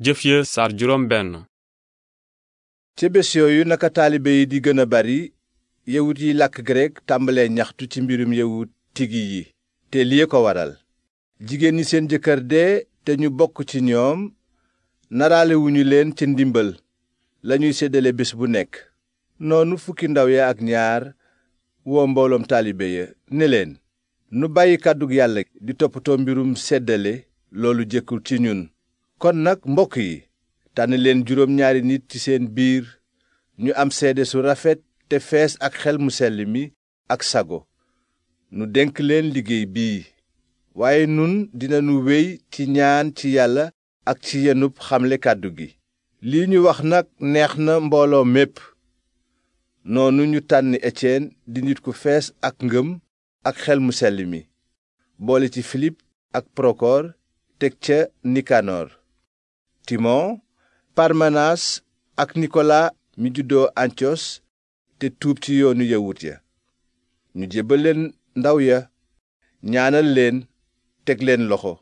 jëf ya saar juróom benn ca bés yooyu naka taalibe yi di gën a bari yawut yi làkk grek tàmbalee ñaxtu ci mbirum yawut tigi yi te lii ko waral jigéen ñi seen jëkkër dee te ñu bokk ci ñoom naraalewuñu leen ci ndimbal lañuy séddale bés bu nekk noonu fukki ndaw ya ak ñaar woo mbooloom taalibe ya ne leen nu bàyyi kàddu yàlla di toppatoo mbirum seddale loolu jëkkul ci ñun kon nag mbokk yi tànn leen juróom ñaari nit ci seen biir ñu am seede su rafet te fees ak xel mu sell mi ak sago nu dénk leen liggéey bii waaye nun dinanu wéy ci ñaan ci yàlla ak ci yenub xamle kàddu gi lii ñu wax nag neex na mbooloo mépp noonu ñu tànn Étienne di nit ku fees ak ngëm ak xel mu selli mi boole ci Filip ak Prokoor teg ca Nikanoor timon parmenas ak nikola mi juddoo antiyos te tuub ci yoonu yawut ya ñu jébbal leen ndaw ya ñaanal leen teg leen loxo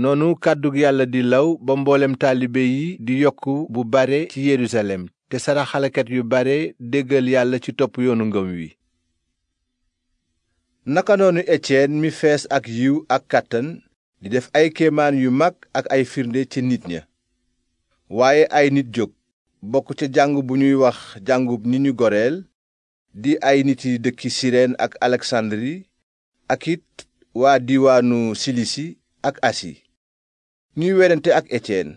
noonu kàddug yàlla di law ba mbooleem taalibe yi di yokk bu bare ci yerusalem te saraxaleket yu bare déggal yàlla ci topp yoonu ngëm wi naka noonu Étienne mi fees ak yiw ak kàttan di def ay kéemaan yu mag ak ay firnde ci nit ña waaye ay nit jóg bokk ca jàng bu ñuy wax jàngub ni ñu goreel di ay nit yi dëkki sireen ak aleksandri ak it waa diwaanu silisi ak asi ñuy werante ak etiyen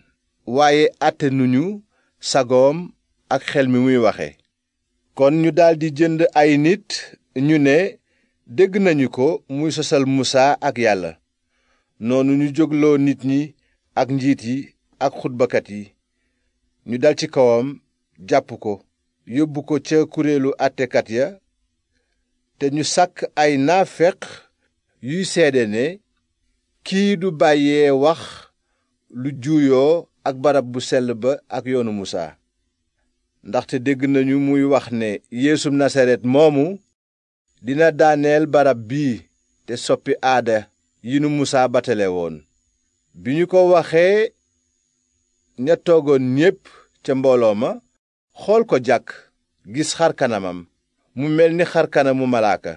waaye àtte nuñu sagoom ak xel mi muy waxe kon ñu daldi jënd ay nit ñu ne dégg nañu ko muy sosal musaa ak yàlla noonu ñu jógloo nit ñi ak njiit yi ak xutbakat yi ñu dal ci kawam jàpp ko yóbbu ko ca kuréelu àttekat ya te ñu sàkk ay naafeq yuy seede ne kii du bàyyee wax lu juuyoo ak barab bu sell ba ak yoonu musaa ndaxte dégg nañu muy wax ne yeesum nasaret moomu dina daaneel barab bii te soppi aada yi nu musaa batale woon bi ñu ko waxee ña toogoon ñépp ca mbooloo ma xool ko jàkk gis xar kanamam mu mel ni xar kanamu malaaka